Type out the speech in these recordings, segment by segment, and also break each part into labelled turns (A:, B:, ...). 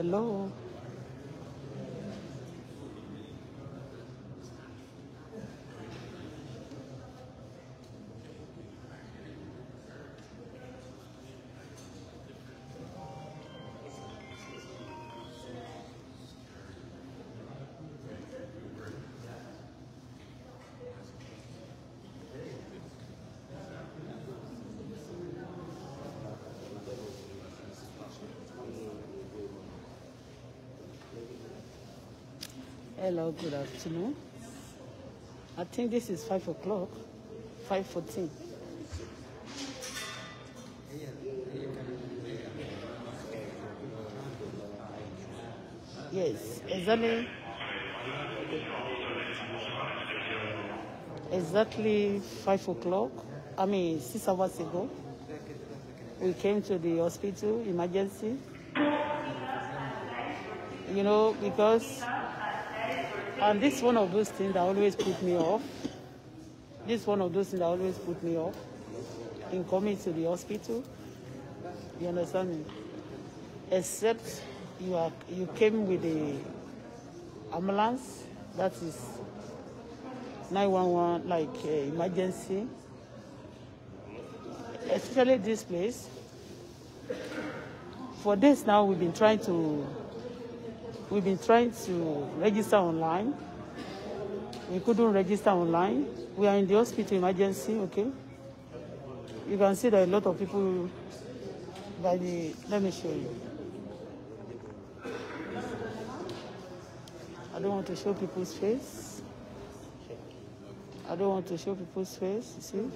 A: Hello. Hello, good afternoon. I think this is 5 o'clock, 5.14. Yes, exactly. Exactly 5 o'clock, I mean 6 hours ago, we came to the hospital, emergency. You know, because And this is one of those things that always put me off. This is one of those things that always put me off in coming to the hospital. You understand me? Except you are you came with a ambulance that is 911 like uh, emergency especially this place for days now we've been trying to We've been trying to register online. We couldn't register online. We are in the hospital emergency, okay? You can see that a lot of people by the, let me show you. I don't want to show people's face. I don't want to show people's face, you see?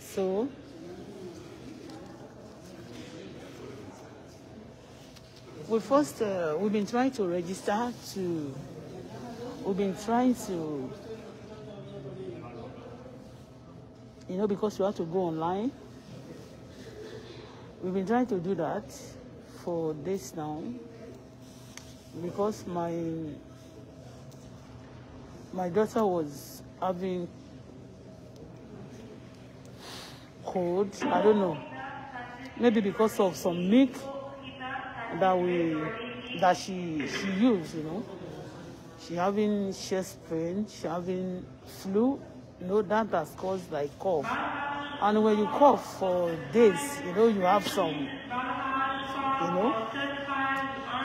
A: So, we first uh, we've been trying to register to we've been trying to you know because you have to go online we've been trying to do that for days now because my my daughter was having cold i don't know maybe because of some meat that we, that she she used, you know. She having chest pain, she having flu, you know, that has caused like cough. And when you cough for days, you know, you have some, you know.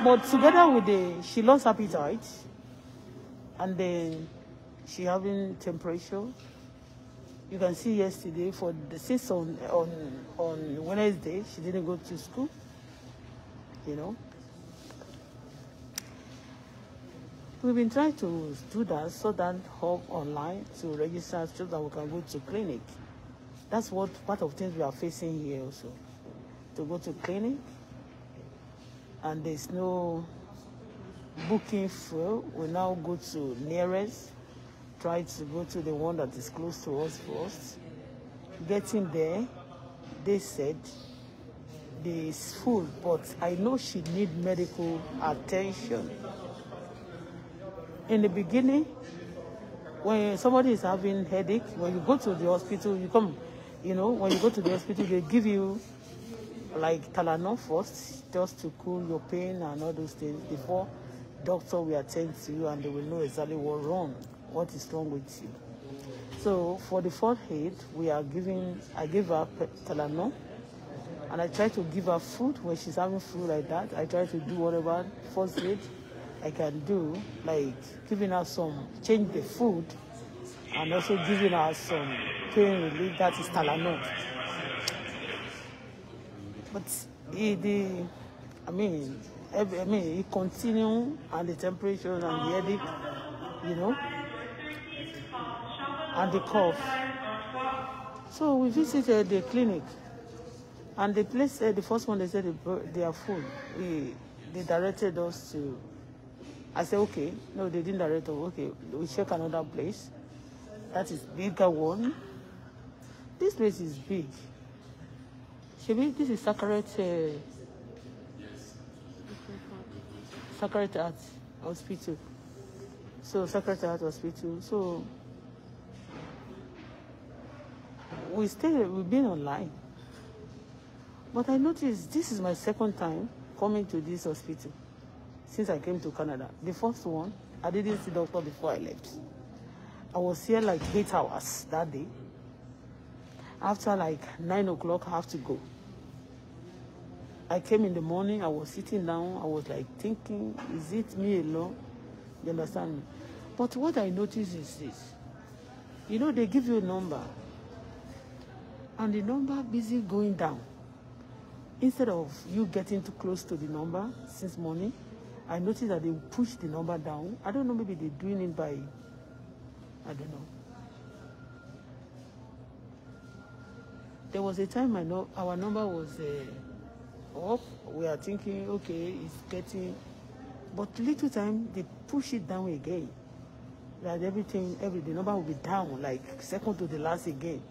A: But together with the, she lost appetite, and then she having temperature. You can see yesterday for the since on on on Wednesday, she didn't go to school. you know. We've been trying to do that so that help online to register so that we can go to clinic. That's what part of things we are facing here also. To go to clinic and there's no booking for we now go to nearest, try to go to the one that is close to us first. Getting there, they said is full, but I know she need medical attention. In the beginning, when somebody is having headache, when you go to the hospital, you come, you know, when you go to the hospital, they give you like Tylenol first, just to cool your pain and all those things before doctor will attend to you and they will know exactly what's wrong, what is wrong with you. So for the fourth aid, we are giving, I give her Tylenol and I try to give her food when she's having food like that. I try to do whatever first aid I can do, like giving her some, change the food, and also giving her some pain relief that is Tylenol. But he, the, I mean, I mean, it continues and the temperature and the headache, you know, and the cough. So we visited the clinic. And the place said, eh, the first one, they said they, they are full. We, they directed us to, I said, okay. No, they didn't direct us. Okay, we check another place. That is bigger one. This place is big. Shebi, this is sacred, uh, sacred art hospital. So sacred art hospital. So we stay, we've been online. But I noticed this is my second time coming to this hospital since I came to Canada. The first one, I didn't see doctor before I left. I was here like eight hours that day. After like nine o'clock, I have to go. I came in the morning, I was sitting down, I was like thinking, is it me alone? You understand me? But what I noticed is this. You know, they give you a number. And the number busy going down instead of you getting too close to the number since morning, I noticed that they push the number down. I don't know, maybe they're doing it by, I don't know. There was a time I know our number was uh, up. We are thinking, okay, it's getting, but little time they push it down again. That everything, every the number will be down like second to the last again.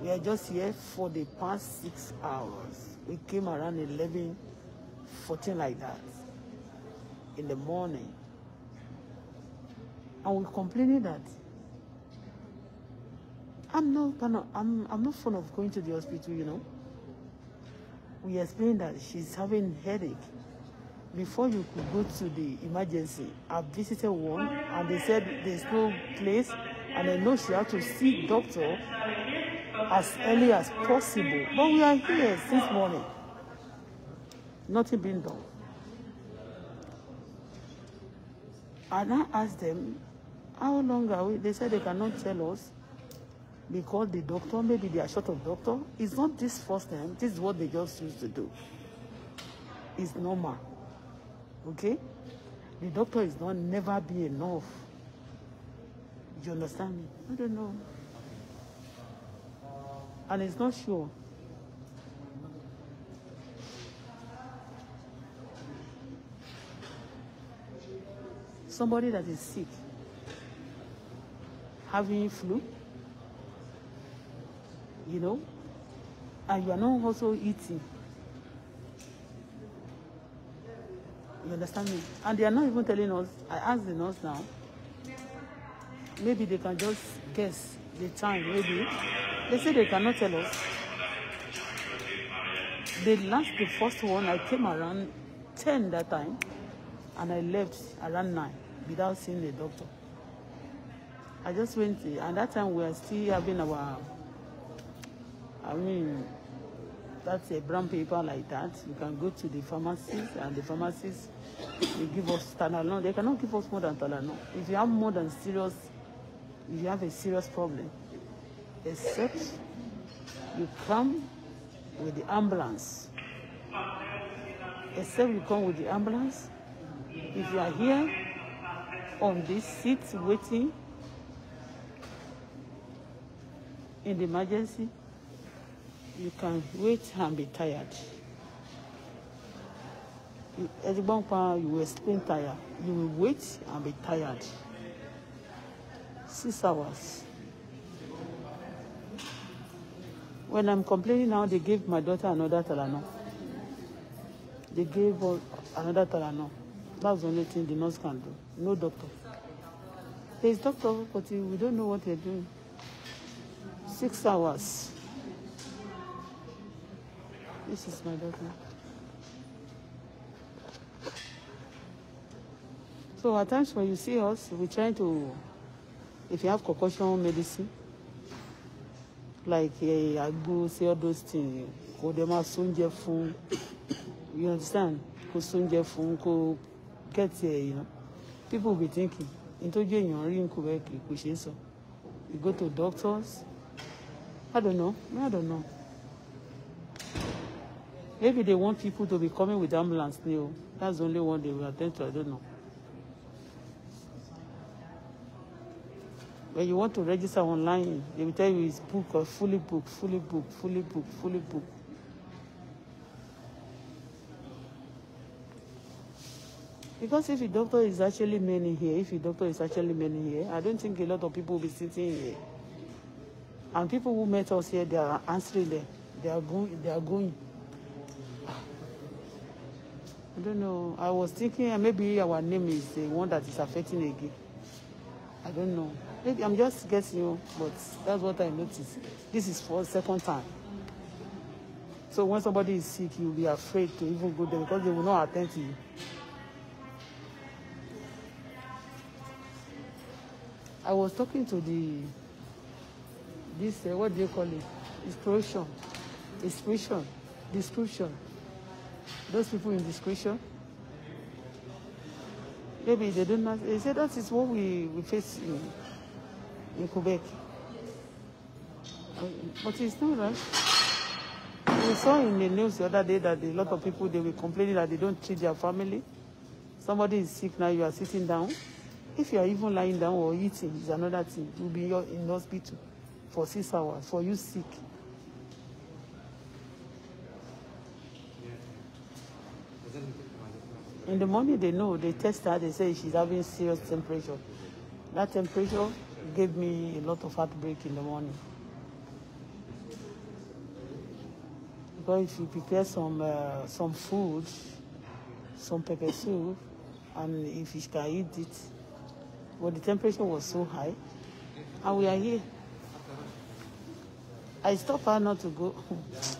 A: We are just here for the past six hours. We came around 11, 14 like that in the morning. And we complaining that I'm not, I'm, I'm not fond of going to the hospital, you know. We explained that she's having headache. Before you could go to the emergency, I visited one and they said there's no place and I know she had to see doctor as early as possible. But we are here this morning. Nothing being done. And I asked them, how long are we? They said they cannot tell us because the doctor, maybe they are short of doctor. It's not this first time. This is what they just used to do. It's normal. Okay? The doctor is not never be enough. You understand me? I don't know and it's not sure. Somebody that is sick, having flu, you know, and you are not also eating. You understand me? And they are not even telling us. I asked the nurse now. Maybe they can just guess the time, maybe. They say they cannot tell us. They launched the first one. I came around 10 that time. And I left around 9 without seeing the doctor. I just went, and that time we are still having our, I mean, that's a brown paper like that. You can go to the pharmacies, and the pharmacies, they give us Tylenol. They cannot give us more than Tylenol. If you have more than serious, if you have a serious problem, except you come with the ambulance. Except you come with the ambulance. If you are here on this seat waiting in the emergency, you can wait and be tired. At the one you will spend tired. You will wait and be tired. Six hours. When I'm complaining now, they gave my daughter another Talano. They gave another Talano. That's the only thing the nurse can do. No doctor. There's doctor, but we don't know what they're doing. Six hours. This is my daughter. So at times when you see us, we're trying to, if you have concussion medicine, like uh, eh, agbo say all those things kò dẹ̀ máa sóúnjẹ fún you understand kò sóúnjẹ fún kò kẹ́tì ẹ̀ yẹn people be thinking nítorí èèyàn rí nǹkan bẹ́ẹ̀ kì í kò ṣeé sọ you go to doctors I don't know I don't know maybe they want people to be coming with ambulance ni o that's the only one they will attend to I don't know. When you want to register online, they will tell you it's booked or uh, fully booked, fully booked, fully booked, fully booked. Because if the doctor is actually many here, if the doctor is actually many here, I don't think a lot of people will be sitting here. And people who met us here, they are answering them. They are going. They are going. I don't know. I was thinking uh, maybe our name is the one that is affecting again. I don't know. Maybe I'm just guessing, but that's what I noticed. This is for second time. So when somebody is sick, you'll be afraid to even go there because they will not attend to you. I was talking to the, this, uh, what do you call it? Inspiration. Inspiration. Description. Those people in description. Maybe they don't know. They say that is what we, we face in, in Quebec. But it's not right. We saw in the news the other day that a lot of people, they were complaining that they don't treat their family. Somebody is sick now, you are sitting down. If you are even lying down or eating, it's another thing. You'll be in hospital for six hours, for you sick. In the morning, they know, they test her, they say she's having serious temperature. That temperature gave me a lot of heartbreak in the morning. Because if you prepare some, uh, some food, some pepper soup, and if she can eat it, well, the temperature was so high, and we are here. I stopped her not to go home.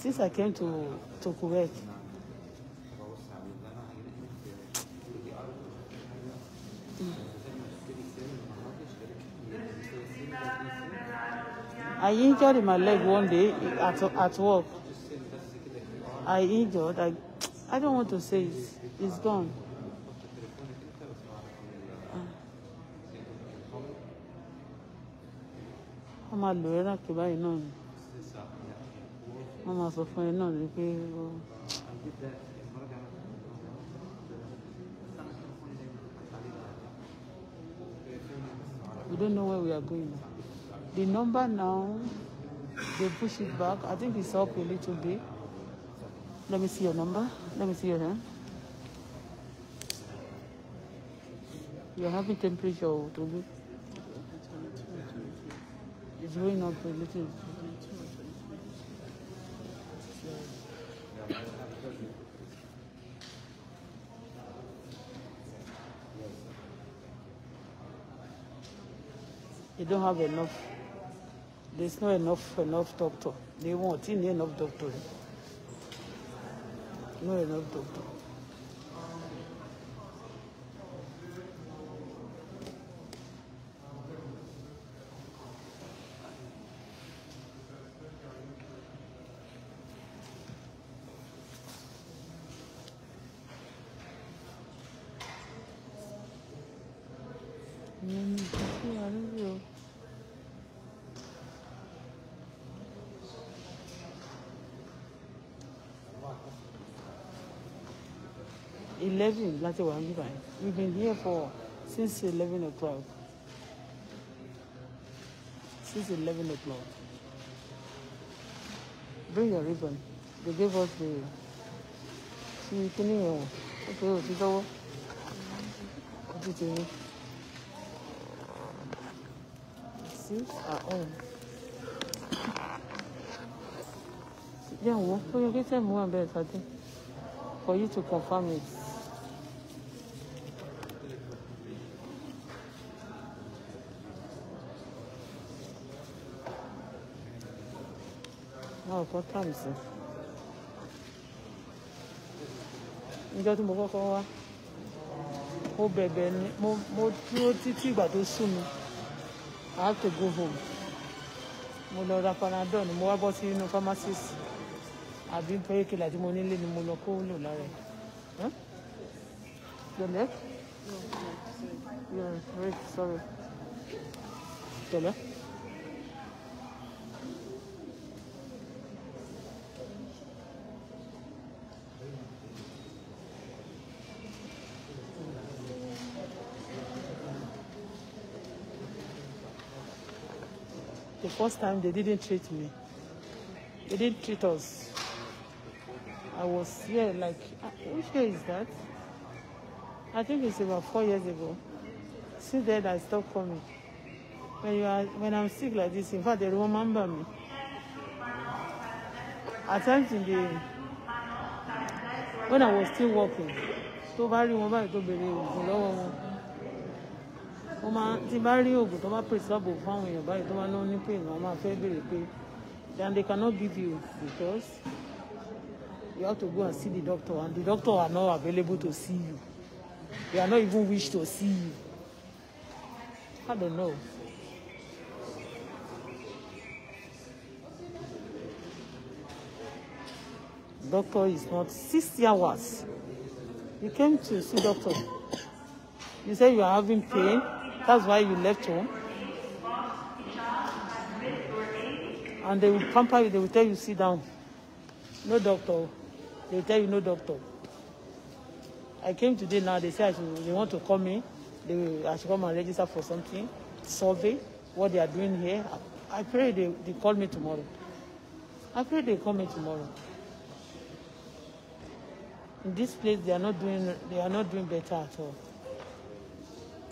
A: since I came to, to Kuwait, I injured my leg one day at, at work. I injured. I, I don't want to say it. It's gone. ọmọ àlòrán kì báyìí náà ni wọ́n máa sọ fún ẹ náà ni pé ó.
B: We don't know where we are going now. The
A: number now, they push it back. I think it's up a little bit. Let me see your number. Let me see your hand. You're having temperature, Toby. It's going up a little bit. don't have enough there's not enough enough doctor they want they enough doctor no enough doctor. eleven láti wà níbí báyìí we been here for since eleven o'clock since eleven o'clock bring your ribbon they gave us the ti kíní yẹn wọ ó pé òtí tọwọ òtí tèmi Since our own. Yeah, well, you get them one bed, I think, for you to confirm it. Àwọn kan tà mí sí. Níjọ́ tí mo kọ́kọ́ wá, mo bẹ̀bẹ̀ ni mo dúró títí ìgbà tó sú mi. I have to go home. Mo lọ ra panadol ni mo wá bọ́ sí inú pharmacist. Àbí pẹ́rẹ́kìlà tí mo nílé ni mo lọ kó lò lára ẹ̀. Your leg? No, sorry. Your first time they didn't treat me. They didn't treat us. I was here like, uh, which year is that? I think it's about four years ago. Since then, I stopped coming. When, you are, when I'm sick like this, in fact, they don't remember me. At times in the, when I was still working, so very remember wọn báyìí tó bèrè wọ́n máa ti bá rí oògùn tó bá pèsèbò fáwọn èèyàn báyìí tó bá náà ní pé ìnáwó máa fẹ́ béèrè pé then they cannot give you because you have to go and see the doctor and the doctor are not available to see you they are not even wish to see you I don't know. Doctor is not sixty hours. You came to see doctor. You say you are having pain. That's why you left home. And they will pamper you, they will tell you, sit down. No doctor. They will tell you, no doctor. I came today now, they say I should, they want to call me. They will, I should come and register for something, survey what they are doing here. I, I pray they, they call me tomorrow. I pray they call me tomorrow. In this place, they are not doing, they are not doing better at all.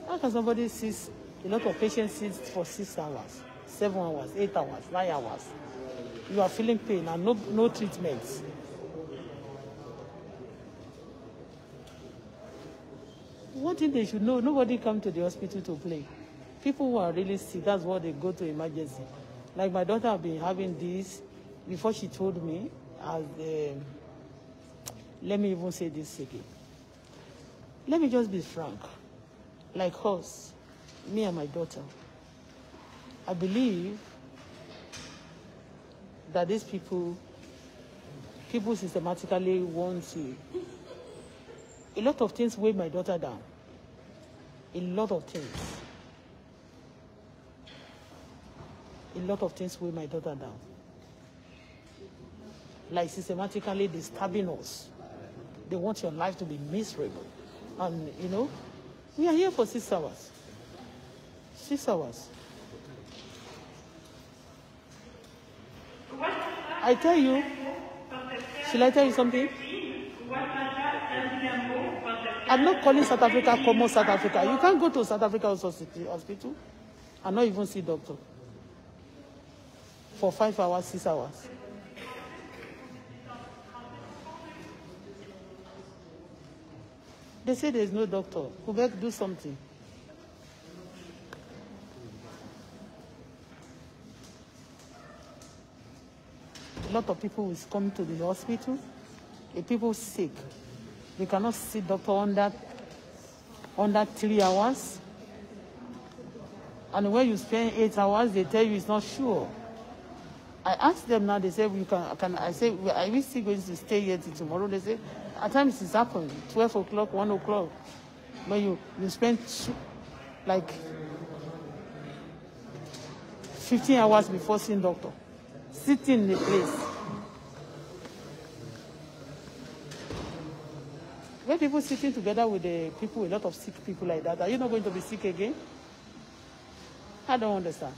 A: How can somebody sit, a lot of patients sit for six hours, seven hours, eight hours, nine hours? You are feeling pain and no, no treatment. One thing they should know, nobody come to the hospital to play. People who are really sick, that's what they go to emergency. Like my daughter have been having this before she told me, as the, um, let me even say this again. Let me just be frank. like us, me and my daughter. I believe that these people, people systematically want to. A lot of things weigh my daughter down. A lot of things. A lot of things weigh my daughter down. Like systematically disturbing us. They want your life to be miserable. And, you know, We are here for six hours. Six hours. I tell you, shall I tell you something?
B: I'm not calling South Africa common
A: South Africa. You can't go to South Africa hospital and not even see doctor for five hours, six hours. They say there's no doctor. who Quebec, do something. A lot of people is coming to the hospital. The people sick. They cannot see doctor on that, on that three hours. And when you spend eight hours, they tell you it's not sure. I asked them now, they say, we can, can I say, are we still going to stay here till tomorrow? They say, At times it's happened, 12 o'clock, 1 o'clock. But you, you spend two, like 15 hours before seeing doctor, sitting in the place. When people sitting together with the people, a lot of sick people like that, are you not going to be sick again? I don't understand.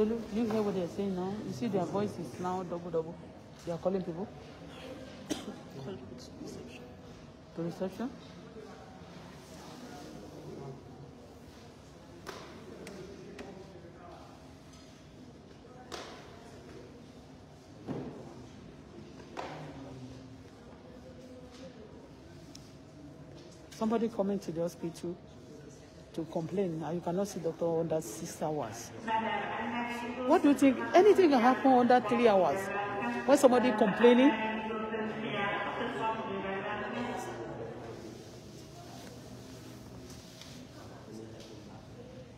A: Tolu, you hear what they are saying now? You see their voice is now double double. They are calling people. Call people reception. To reception? Somebody coming to the hospital to complain and you cannot see doctor under six hours. What do you think? Anything can happen under three hours. When somebody complaining,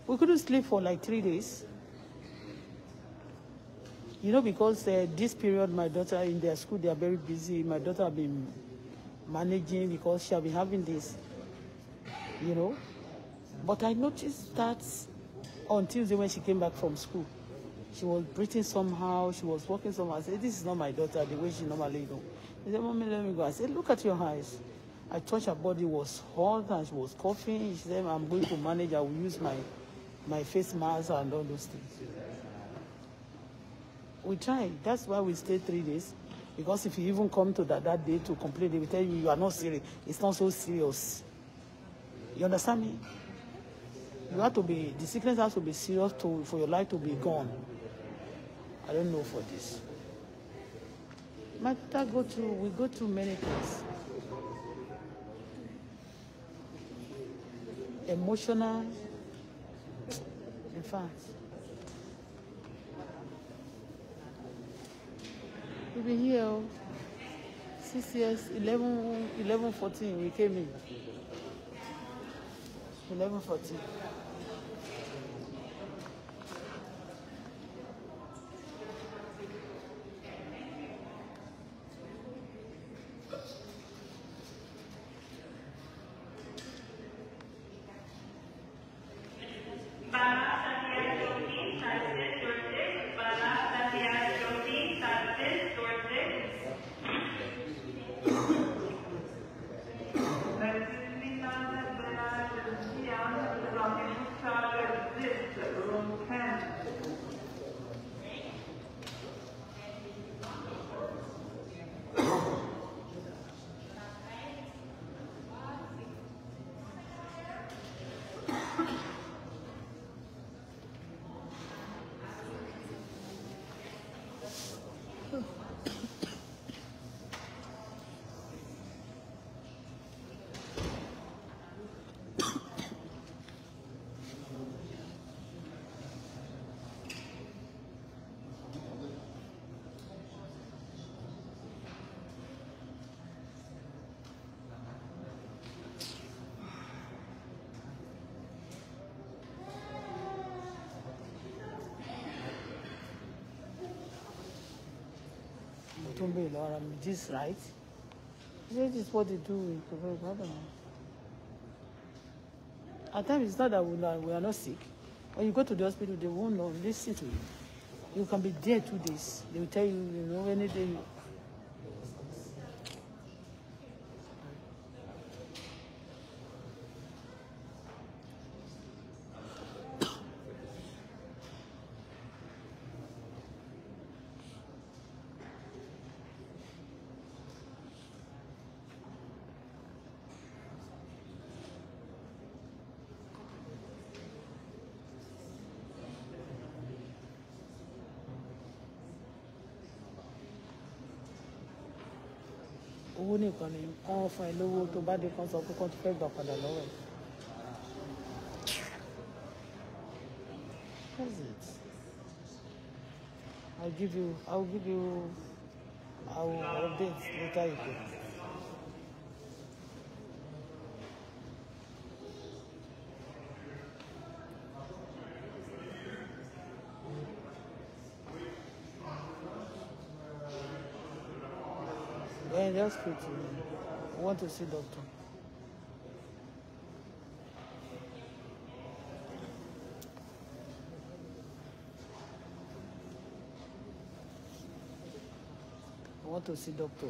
A: we couldn't sleep for like three days. You know, because uh, this period, my daughter in their school, they are very busy. My daughter have been managing because she have been having this, you know. But I noticed that on Tuesday when she came back from school, she was breathing somehow, she was walking somehow. I said, this is not my daughter, the way she normally go. He said, mommy, let me go. I said, look at your eyes. I touched her body, was hot and she was coughing. She said, I'm going to manage, I will use my, my face mask and all those things. We try. That's why we stayed three days. Because if you even come to that, that day to complain, they will tell you, you are not serious. It's not so serious. You understand me? You have to be, the sickness has to be serious to, for your life to be gone. I don't know for this. My go through, we go through many things. Emotional, in fact. We've been here oh. six years, 11, 11, 14, we came in. 11, 14. tó ń this right he said this is what they do with prophet brother at times it's not that we are, we are not sick when you go to the hospital they won't know listen to you you can be there two days they will tell you you know any day you. ọ̀tọ̀ ni wọ́n fún ẹ lówó tó bá dé kan sọ pé kán tó fẹ́ gbà padà lọ́wọ́ ẹ̀. That's it. I'll give you, I'll give you, I'll update later again. Yeah, just speak to me. I want to see doctor. I want to see doctor.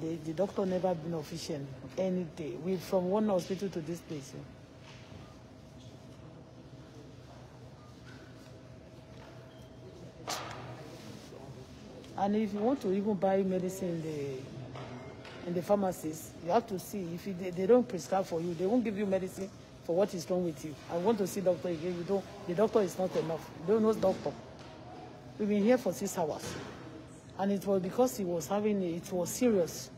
A: The, the doctor never been official any day. We from one hospital to this place. Yeah. And if you want to even buy medicine in the, in the pharmacies, you have to see. If they, they don't prescribe for you, they won't give you medicine for what is wrong with you. I want to see doctor again. You don't, the doctor is not enough. You don't know doctor. We've been here for six hours. And it was because he was having, it was serious.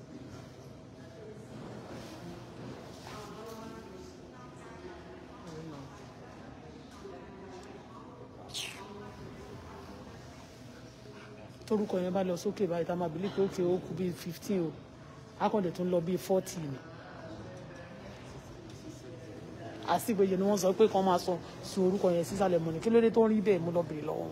A: torúkọ yẹn bá lọ sókè báyìí tá a máa bìlí pé ó kè ó kú bíi fifteen o akọ̀dẹ̀ tó ń lọ bíi forty àsìgbèyẹ ni wọ́n sọ pé kàn máa sọ sun orúkọ yẹn sísàlẹ̀ mọ̀ kí ló dé tó ń rí bẹ́ẹ̀ mú lọ bèrè lọ́wọ́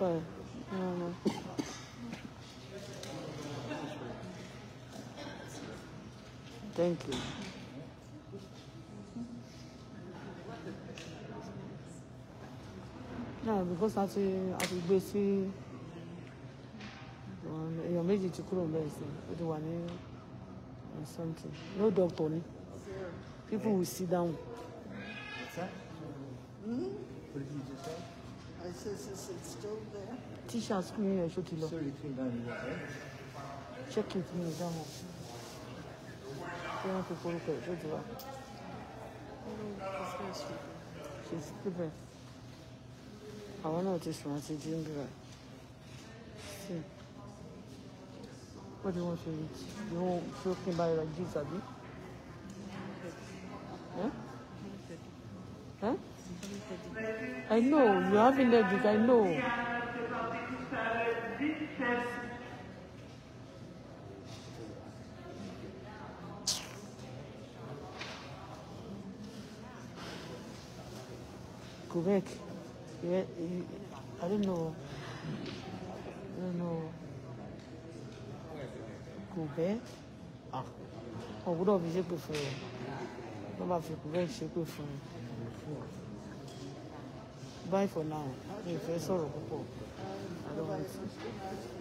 A: fire. No, no. Thank you. Yeah, because a ti a ti gbé sí èèyàn méjì ti kúrò bẹ́ẹ̀ sí ó ti wà ní something no doctor ni people will sit down. Says it's still there. T-shirt screen rẹ̀ ṣó ti lọ. Sórí tún dá mi lọ. Check it mi ò dá mọ̀. Ṣé wọ́n fi forúkọ ẹ̀ lójú wa? Ṣé ti pípẹ́? Àwọn náà ti sùn àti jí What do you want to eat? You want to talk about your Abby? I know. You have allergic. I know. Quebec. Yeah, I don't know. I don't know. Quebec. Ah. Ọ̀gbọ́dọ̀ fi ṣépè fún yẹn. Wọ́n máa fi Quebec ṣépè fún Bye for now. Bye I don't want to.